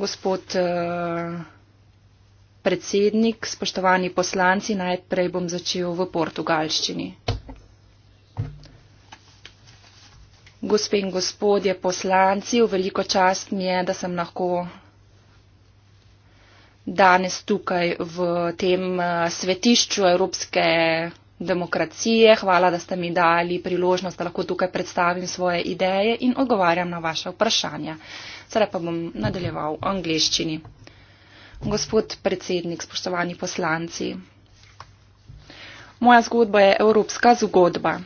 gospod eh, predsednik, spoštovani poslanci, najprej bom začel v portugalščini. Gospe in gospodje poslanci, v veliko čast mi je, da sem lahko danes tukaj v tem eh, svetišču Evropske unije demokracije. Hvala, da ste mi dali priložnost, da lahko tukaj predstavim svoje ideje in odgovarjam na vaše vprašanja. Sedaj pa bom nadaljeval v angliščini. Gospod predsednik, spoštovani poslanci. Moja zgodba je evropska zgodba.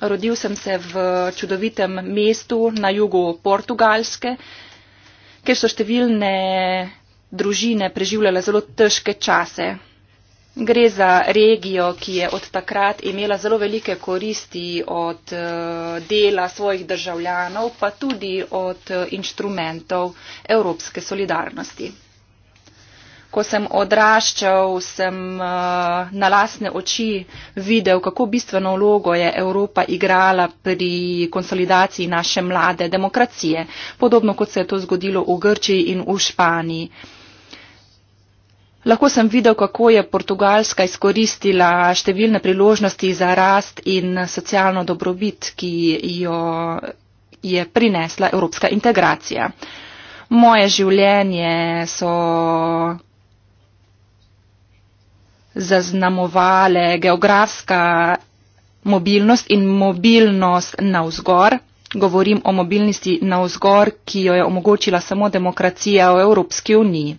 Rodil sem se v čudovitem mestu na jugu Portugalske, kjer so številne družine preživljale zelo težke čase. Gre za regijo, ki je od takrat imela zelo velike koristi od eh, dela svojih državljanov, pa tudi od eh, inštrumentov evropske solidarnosti. Ko sem odraščal, sem eh, na lasne oči videl, kako bistveno vlogo je Evropa igrala pri konsolidaciji naše mlade demokracije, podobno kot se je to zgodilo v Grčiji in v Španiji. Lahko sem videl, kako je Portugalska izkoristila številne priložnosti za rast in socialno dobrobit, ki jo je prinesla evropska integracija. Moje življenje so zaznamovale geografska mobilnost in mobilnost navzgor. Govorim o mobilnosti navzgor, ki jo je omogočila samo demokracija v Evropski uniji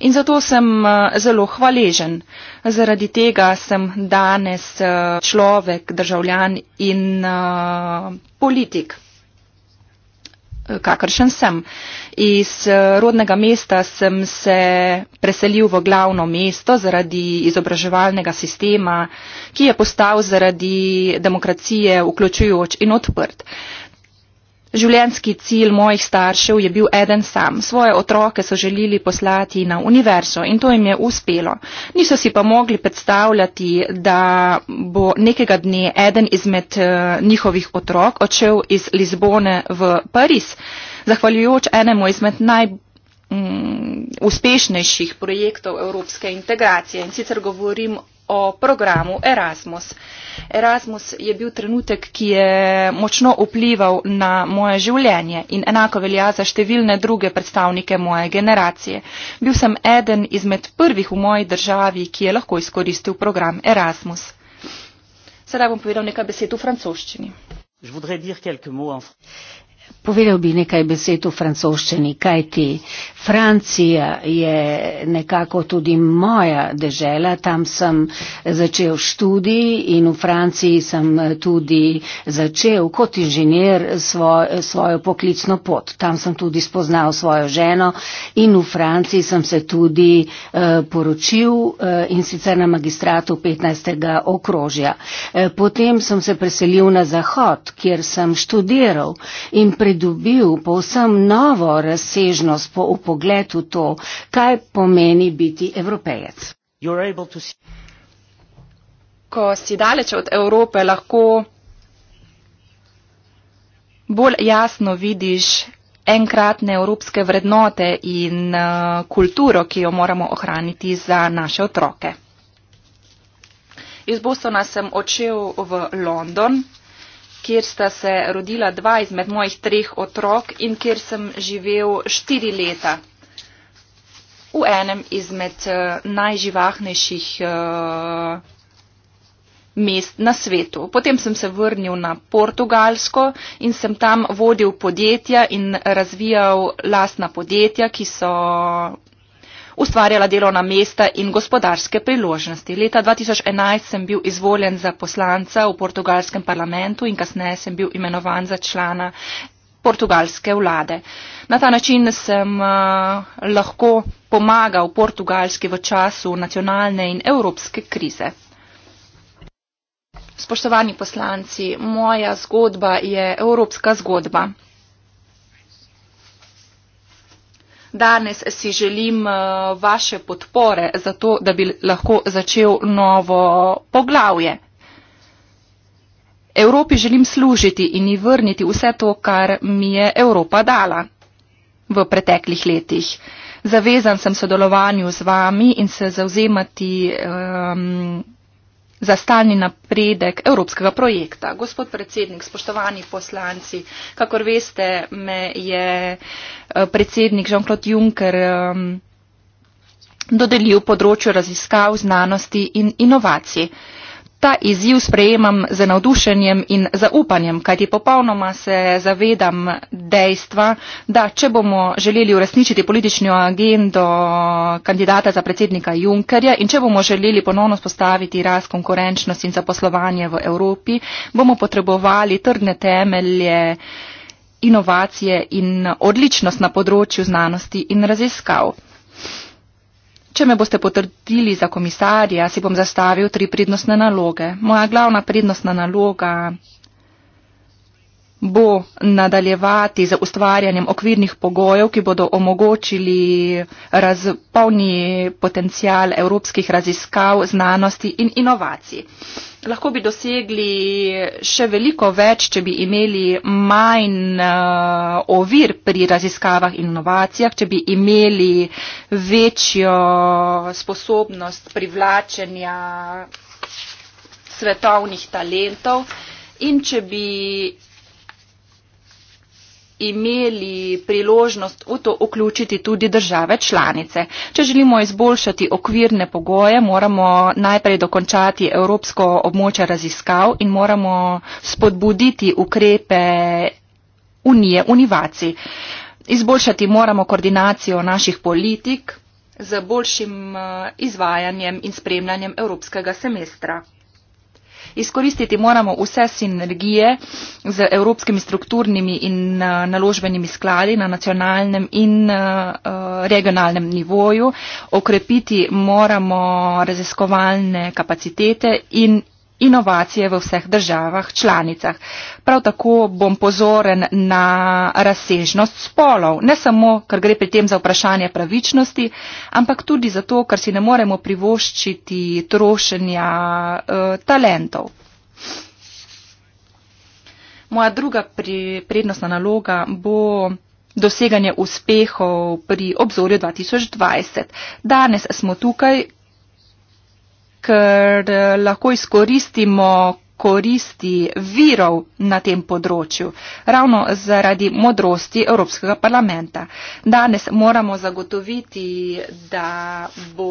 in zato sem eh, zelo hvaležen. Zaradi tega sem danes eh, človek, državljan in eh, politik, kakršen sem. Iz rodnega mesta sem se preselil v glavno mesto zaradi izobraževalnega sistema, ki je postal zaradi demokracije vključujoč in odprt. Življenjski cilj mojih staršev je bil eden sam. Svoje otroke so želili poslati na univerzo in to jim je uspelo. Niso si pa mogli predstavljati, da bo nekega dne eden izmed eh, njihovih otrok odšel iz Lizbone v Pariz, zahvaljujoč enemu izmed najuspešnejših mm, projektov evropske integracije. In sicer govorim o programu Erasmus. Erasmus je bil trenutek, ki je močno vplival na moje življenje in enako velja za številne druge predstavnike moje generacije. Bil sem eden izmed prvih v moji državi, ki je lahko izkoristil program Erasmus. Sedaj bom povedal nekaj besed v francoščini. Povedal bi nekaj besed o francoščini, kajti Francija je nekako tudi moja dežela, tam sem začel študij in v Franciji sem tudi začel kot inženir svoj, svojo poklicno pot. Tam sem tudi spoznal svojo ženo in v Franciji sem se tudi uh, poročil uh, in sicer na magistratu 15. okrožja. Uh, potem sem se preselil na zahod, kjer sem študiral in predobil povsem novo razsežnost po upogledu to, kaj pomeni biti evropejec. Ko si daleč od Evrope, lahko bolj jasno vidiš enkratne evropske vrednote in eh, kulturo, ki jo moramo ohraniti za naše otroke. Iz Bostona sem odšel v London kjer sta se rodila dva izmed mojih treh otrok in kjer sem živel štiri leta v enem izmed eh, najživahnejših eh, mest na svetu. Potem sem se vrnil na Portugalsko in sem tam vodil podjetja in razvijal lastna podjetja, ki so ustvarjala delovna mesta in gospodarske priložnosti. Leta 2011 sem bil izvoljen za poslanca v portugalskem parlamentu in kasneje sem bil imenovan za člana portugalske vlade. Na ta način sem uh, lahko pomagal portugalski v času nacionalne in evropske krize. Spoštovani poslanci, moja zgodba je evropska zgodba. Danes si želim eh, vaše podpore za to, da bi lahko začel novo poglavje. Evropi želim služiti in ji vrniti vse to, kar mi je Evropa dala v preteklih letih. Zavezan sem sodelovanju z vami in se zauzemati. Um, ehm, za stalni napredek evropskega projekta. Gospod predsednik, spoštovani poslanci, kakor veste, me je eh, predsednik Jean-Claude Juncker dodelil področju raziskav znanosti in inovacij. Ta izziv sprejemam z navdušenjem in zaupanjem, kajti popolnoma se zavedam dejstva, da če bomo želeli uresničiti politično agendo kandidata za predsednika Junkerja in če bomo želeli ponovno spostaviti rast konkurenčnosti in zaposlovanje v Evropi, bomo potrebovali trdne temelje inovacije in odličnost na področju znanosti in raziskav. Če me boste potrdili za komisarja, si bom zastavil tri prednostne naloge. Moja glavna prednostna naloga bo nadaljevati z ustvarjanjem okvirnih pogojev, ki bodo omogočili razpolni potencial evropskih raziskav, znanosti in inovacij lahko bi dosegli še veliko več, če bi imeli manj uh, ovir pri raziskavah in inovacijah, če bi imeli večjo sposobnost privlačenja svetovnih talentov in če bi imeli priložnost v to vključiti tudi države članice. Če želimo izboljšati okvirne pogoje, moramo najprej dokončati Evropsko območje raziskav in moramo spodbuditi ukrepe unije, univacij. Izboljšati moramo koordinacijo naših politik z boljšim eh, izvajanjem in spremljanjem evropskega semestra izkoristiti moramo vse sinergije z evropskimi strukturnimi in eh, naložbenimi skladi na nacionalnem in eh, eh, regionalnem nivoju, okrepiti moramo raziskovalne kapacitete in inovacije v vseh državah članicah. Prav tako bom pozoren na razsežnost spolov, ne samo, ker gre pri tem za vprašanje pravičnosti, ampak tudi zato, ker si ne moremo privoščiti trošenja eh, talentov. Moja druga pri, prednostna naloga bo doseganje uspehov pri obzorju 2020. Danes smo tukaj, ker eh, lahko izkoristimo koristi virov na tem področju, ravno zaradi modrosti Evropskega parlamenta. Danes moramo zagotoviti, da bo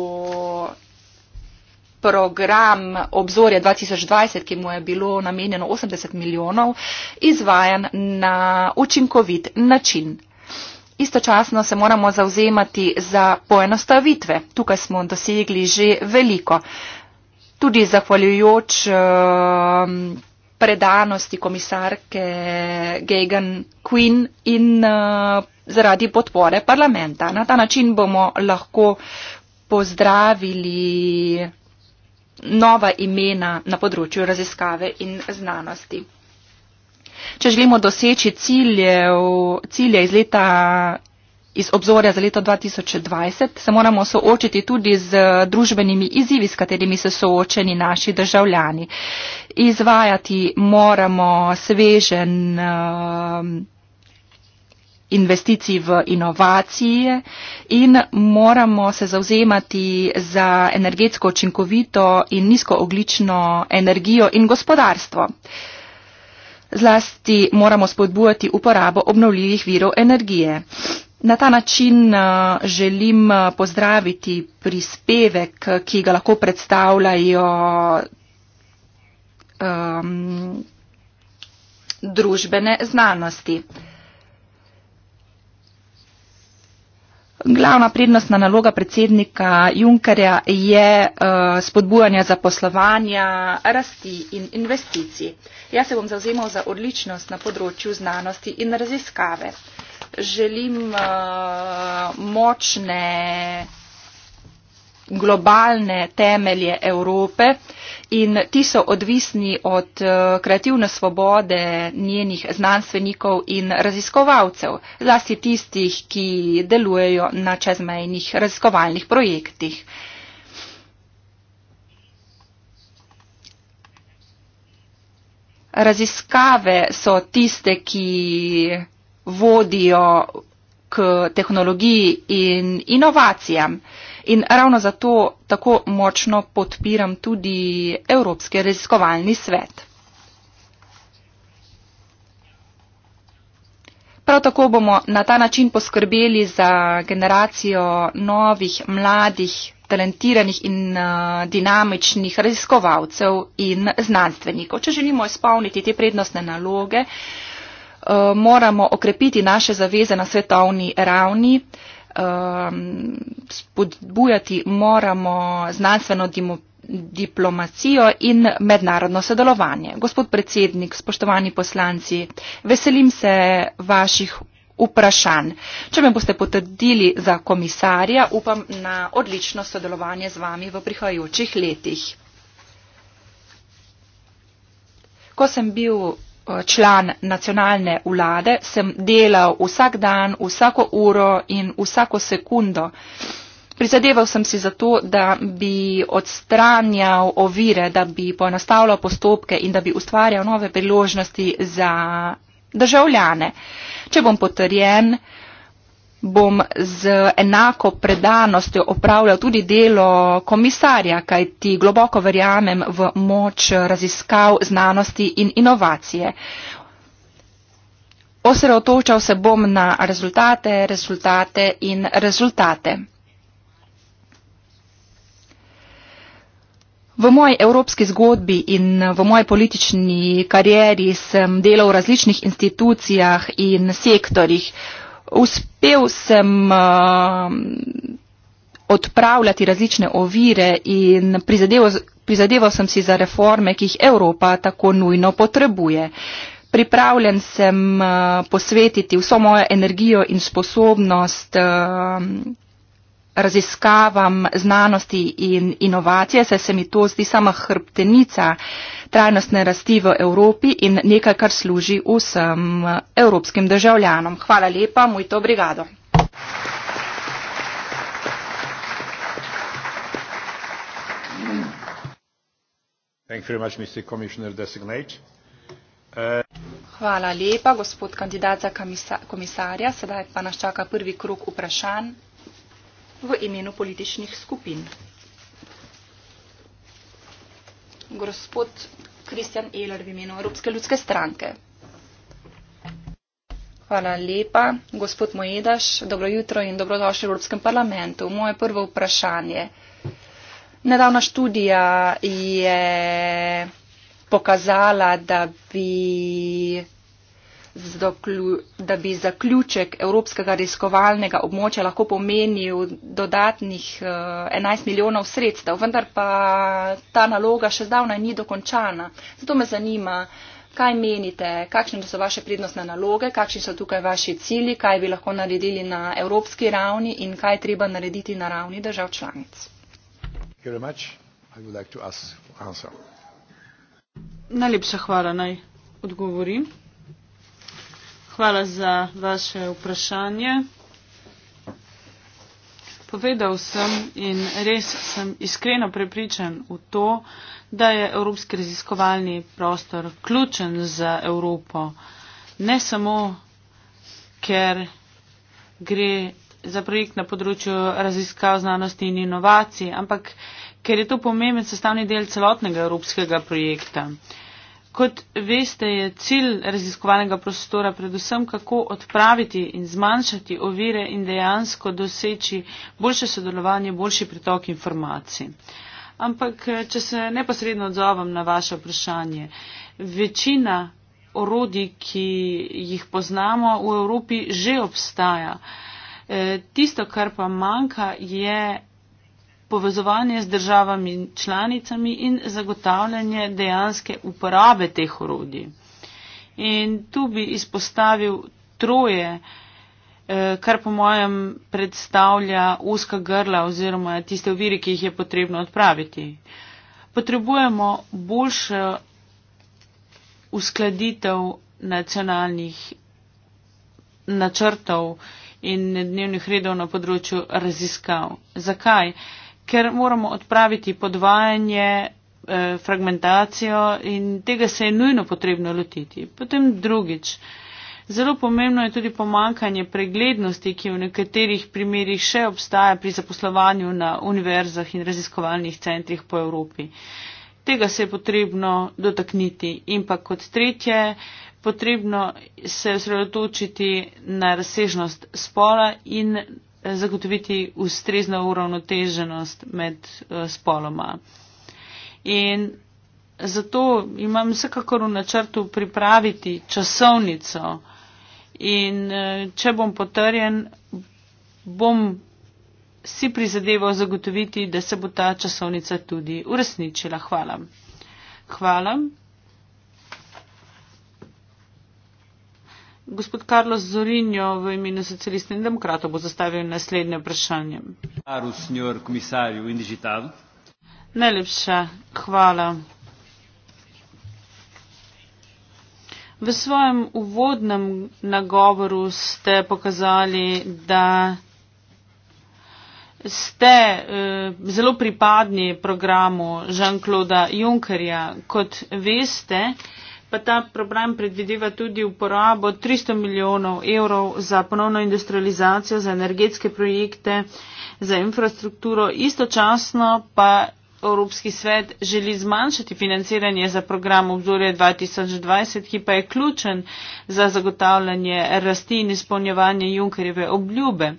program obzorja 2020, ki mu je bilo namenjeno 80 milijonov, izvajan na učinkovit način. Istočasno se moramo zauzemati za poenostavitve. Tukaj smo dosegli že veliko. Uh, tudi zahvaljujoč ehm, predanosti komisarke Gagan Queen in eh, zaradi podpore parlamenta. Na ta način bomo lahko pozdravili nova imena na področju raziskave in znanosti. Če želimo doseči cilje, cilje iz leta iz obzorja za leto 2020, se moramo soočiti tudi z eh, družbenimi izzivi, s katerimi so soočeni naši državljani. Izvajati moramo svežen eh, investicij v inovacije in moramo se zauzemati za energetsko učinkovito in nizkooglično energijo in gospodarstvo. Zlasti moramo spodbujati uporabo obnovljivih virov energije. Uh, Na ta način eh, želim eh, pozdraviti prispevek, eh, ki ga lahko predstavljajo um, družbene znanosti. Glavna prednostna naloga predsednika Junkerja je uh, spodbujanje zaposlovanja, rasti in investicij. Jaz se bom zauzemal za odličnost na področju znanosti in raziskave. Uh, želim uh, močne globalne temelje Evrope in ti so odvisni od eh, kreativne svobode njenih znanstvenikov in raziskovalcev, zlasti tistih, ki delujejo na čezmejnih raziskovalnih projektih. Raziskave so tiste, ki vodijo k tehnologiji in inovacijam. In ravno zato tako močno podpiram tudi Evropski raziskovalni svet. Prav tako bomo na ta način poskrbeli za generacijo novih, mladih, talentiranih in uh, dinamičnih raziskovalcev in znanstvenikov. Če želimo izpolniti te prednostne naloge, Eh, moramo okrepiti naše zaveze na svetovni ravni, ehm, spodbujati moramo znanstveno diplomacijo in mednarodno sodelovanje. Gospod predsednik, spoštovani poslanci, veselim se vaših vprašanj. Če me boste potrdili za komisarja, upam na odlično sodelovanje z vami v prihajajočih letih. Ko sem bil Eh, član nacionalne vlade, sem delal vsak dan, vsako uro in vsako sekundo. Prizadeval sem si zato, da bi odstranjal ovire, da bi poenostavljal postopke in da bi ustvarjal nove priložnosti za državljane. Če bom potrjen, bom z enako predanostjo opravljal tudi delo komisarja, kaj ti globoko verjamem v moč raziskav znanosti in inovacije. Osredotočal se bom na rezultate, rezultate in rezultate. V moji evropski zgodbi in v moji politični karieri sem delal v različnih institucijah in sektorjih uspel sem uh, odpravljati različne ovire in prizadeval, prizadeval sem si za reforme, ki jih Evropa tako nujno potrebuje. Pripravljen sem uh, posvetiti vso mojo energijo in sposobnost. Uh, raziskavam znanosti in inovacije, saj se mi to zdi sama hrbtenica trajnostne rasti v Evropi in nekaj, kar služi vsem evropskim državljanom. Hvala lepa, moj to brigado. Hvala lepa, gospod kandidat za komisarja. Sedaj pa nas čaka prvi krok vprašanj v imenu političnih skupin. Gospod Kristjan Eler v imenu Evropske ljudske stranke. Hvala lepa, gospod Mojedaš, dobro jutro in dobrodošli v Evropskem parlamentu. Moje prvo vprašanje. Nedavna študija je pokazala, da bi da bi zaključek evropskega raziskovalnega območja lahko pomenil dodatnih 11 eh, milijonov sredstev, vendar pa ta naloga še zdavnaj ni dokončana. Zato me zanima, kaj menite, kakšne so vaše prednostne naloge, kakšni so tukaj vaši cilji, kaj bi lahko naredili na evropski ravni in kaj je treba narediti na ravni držav članic. Najlepša hvala, naj odgovorim. Hvala za vaše vprašanje. Povedal sem in res sem iskreno prepričan v to, da je evropski raziskovalni prostor ključen za Evropo. Ne samo, ker gre za projekt na področju raziskav znanosti in inovacij, ampak ker je to pomemben sestavni del celotnega evropskega projekta. Uh, Kot veste, je cilj raziskovalnega prostora predvsem, kako odpraviti in zmanjšati ovire in dejansko doseči boljše sodelovanje, boljši pritok informacij. Ampak, če se neposredno odzovem na vaše vprašanje, večina orodij, ki jih poznamo, v Evropi že obstaja. E, tisto, kar pa manjka, je povezovanje z državami in članicami in zagotavljanje dejanske uporabe teh orodij. In tu bi izpostavil troje, eh, kar po mojem predstavlja uska grla oziroma tiste oviri, ki jih je potrebno odpraviti. Potrebujemo boljšo uskladitev nacionalnih načrtov in dnevnih redov na področju raziskav. Zakaj? ker moramo odpraviti podvajanje, eh, fragmentacijo in tega se je nujno potrebno lotiti. Potem drugič. Zelo pomembno je tudi pomankanje preglednosti, ki v nekaterih primerjih še obstaja pri zaposlovanju na univerzah in raziskovalnih centrih po Evropi. Tega se je potrebno dotakniti. In pa kot tretje, potrebno se osredotočiti na razsežnost spola in zagotoviti ustrezno uravnoteženost med eh, spoloma. In zato imam vsekakor v načrtu pripraviti časovnico in eh, če bom potrjen, bom si prizadeval zagotoviti, da se bo ta časovnica tudi uresničila. Hvala. Hvala. Gospod Carlos Zorinjo v imenu socialistov in demokratov bo zastavil naslednje vprašanje. Najlepša hvala. V svojem uvodnem nagovoru ste pokazali, da ste eh, zelo pripadni programu Jean-Claude Junckerja. Kot veste, eh, pa ta program predvideva tudi uporabo 300 milijonov evrov za ponovno industrializacijo, za energetske projekte, za infrastrukturo. Istočasno pa Evropski svet želi zmanjšati financiranje za program obzorje 2020, ki pa je ključen za zagotavljanje rasti in izpolnjevanje Junkerjeve obljube. Uh,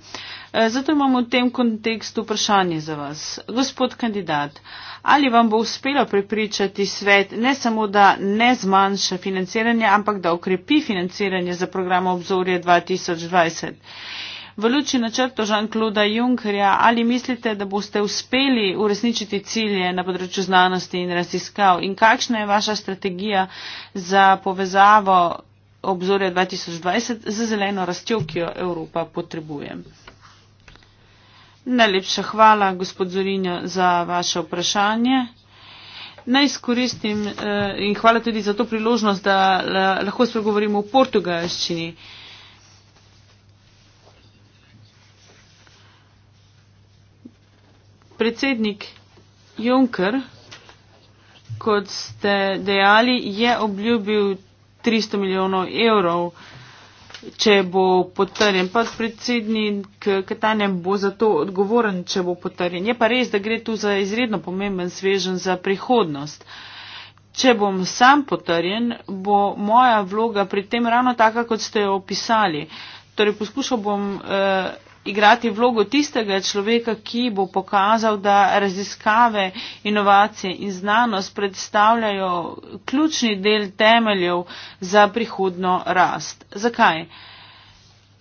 Eh, zato imamo v tem kontekstu vprašanje za vas. Gospod kandidat, ali vam bo uspelo prepričati svet ne samo, da ne zmanjša financiranje, ampak da okrepi financiranje za program obzorje 2020? V luči načrtu Žan-Kluda Junkerja, ali mislite, da boste uspeli uresničiti cilje na področju znanosti in raziskav in kakšna je vaša strategija za povezavo obzorja 2020 z zeleno rastjo, ki jo Evropa potrebuje? Najlepša hvala, gospod Zorinja, za vaše vprašanje. Naj izkoristim eh, in hvala tudi za to priložnost, da lahko spregovorimo o portugalščini. Predsednik Juncker, kot ste dejali, je obljubil 300 milijonov evrov če bo potrjen. Pa predsednik Katanja bo za to odgovoren, če bo potrjen. Je pa res, da gre tu za izredno pomemben svežen za prihodnost. Če bom sam potrjen, bo moja vloga pri tem ravno taka, kot ste jo opisali. Torej, poskušal bom eh, igrati vlogo tistega človeka, ki bo pokazal, da raziskave, inovacije in znanost predstavljajo ključni del temeljev za prihodno rast. Zakaj?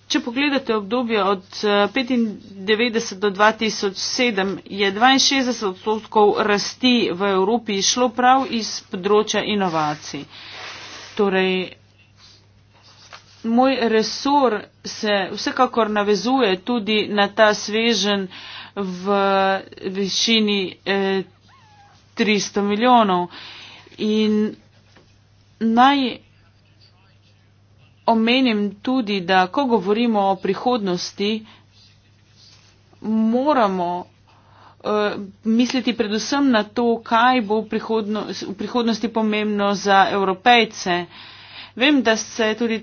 Če pogledate obdobje od 1995 eh, do 2007, je 62 odstotkov rasti v Evropi šlo prav iz področja inovacij. Torej, moj resor se vsekakor navezuje tudi na ta svežen v višini eh, 300 milijonov. In naj omenim tudi, da ko govorimo o prihodnosti, moramo eh, misliti predvsem na to, kaj bo v, prihodno, v prihodnosti pomembno za evropejce. Vem, da se tudi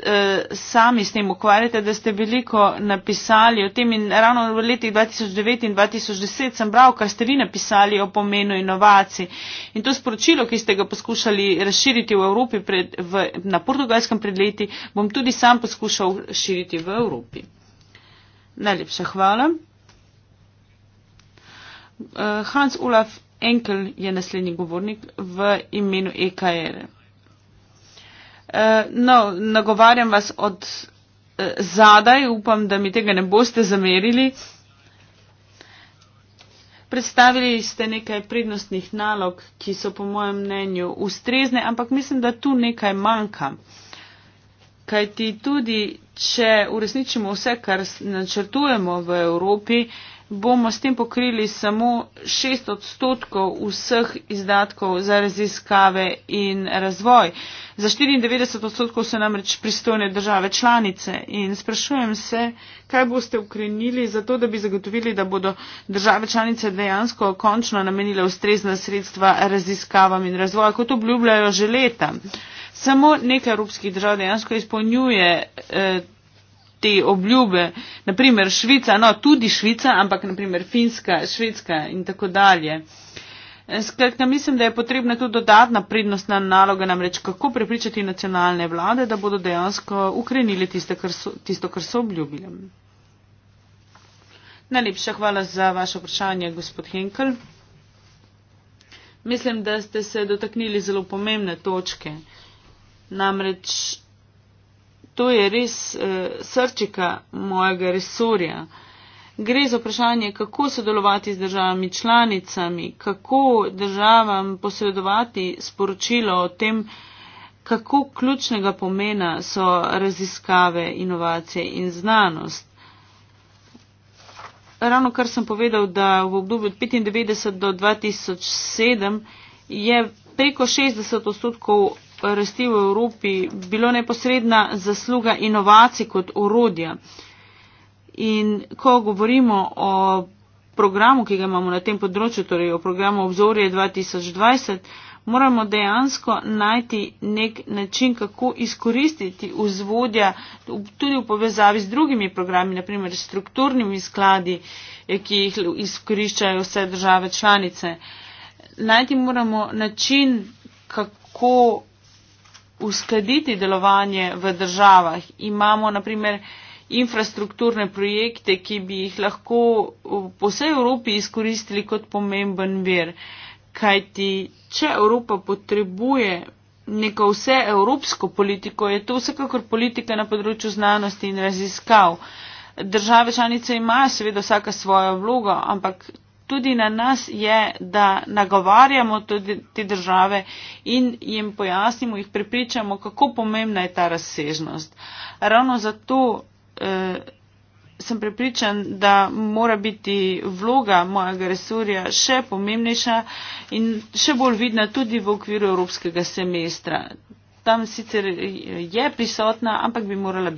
Eh, sami s tem ukvarjate, da ste veliko napisali o tem in ravno v letih 2009 in 2010 sem bral, kar ste vi napisali o pomenu inovacij. In to sporočilo, ki ste ga poskušali razširiti v Evropi pred, v, na portugalskem pred leti, bom tudi sam poskušal širiti v Evropi. Najlepša hvala. Eh, Hans Olaf Enkel je naslednji govornik v imenu EKR. -e. Eh, no, nagovarjam vas od eh, zadaj, upam, da mi tega ne boste zamerili. Predstavili ste nekaj prednostnih nalog, ki so po mojem mnenju ustrezne, ampak mislim, da tu nekaj manjka. Kaj ti tudi, če uresničimo vse, kar načrtujemo v Evropi, eh, bomo s tem pokrili samo 6 odstotkov vseh izdatkov za raziskave in razvoj. Za 94 odstotkov so namreč pristojne države članice in sprašujem se, kaj boste ukrenili za to, da bi zagotovili, da bodo države članice dejansko končno namenile ustrezna sredstva raziskavam in razvoju, kot obljubljajo že leta. Samo nekaj evropskih držav dejansko izpolnjuje. Eh, te obljube. Naprimer Švica, no tudi Švica, ampak naprimer Finska, Švedska in tako dalje. Eh, skratka, mislim, da je potrebna tudi dodatna prednostna naloga, namreč kako prepričati nacionalne vlade, da bodo dejansko ukrenili tisto, kar so, tisto, kar so obljubili. Najlepša hvala za vaše vprašanje, gospod Henkel. Mislim, da ste se dotaknili zelo pomembne točke. Namreč to je res uh, srčika mojega resurja. Gre za vprašanje, kako sodelovati z državami članicami, kako državam posredovati sporočilo o tem, kako ključnega pomena so raziskave, inovacije in znanost. Ravno kar sem povedal, da v obdobju od 1995 do 2007 je preko 60 odstotkov rasti v Evropi bilo neposredna zasluga inovacij kot orodja. In ko govorimo o programu, ki ga imamo na tem področju, torej o programu obzorje 2020, moramo dejansko najti nek način, kako izkoristiti vzvodja tudi v povezavi z drugimi programi, naprimer strukturnimi skladi, ki jih izkoriščajo vse države članice. Najti moramo način, kako uskladiti delovanje v državah. Imamo naprimer infrastrukturne projekte, ki bi jih lahko po vsej Evropi izkoristili kot pomemben ver. Kajti, če Evropa potrebuje neko vse evropsko politiko, je to vsekakor politika na področju znanosti in raziskav. Države članice imajo seveda vsaka svojo vlogo, ampak tudi na nas je, da nagovarjamo tudi te države in jim pojasnimo, jih prepričamo, kako pomembna je ta razsežnost. Ravno zato eh, sem prepričan, da mora biti vloga mojega resurja še pomembnejša in še bolj vidna tudi v okviru evropskega semestra. Tam sicer je prisotna, ampak bi morala biti.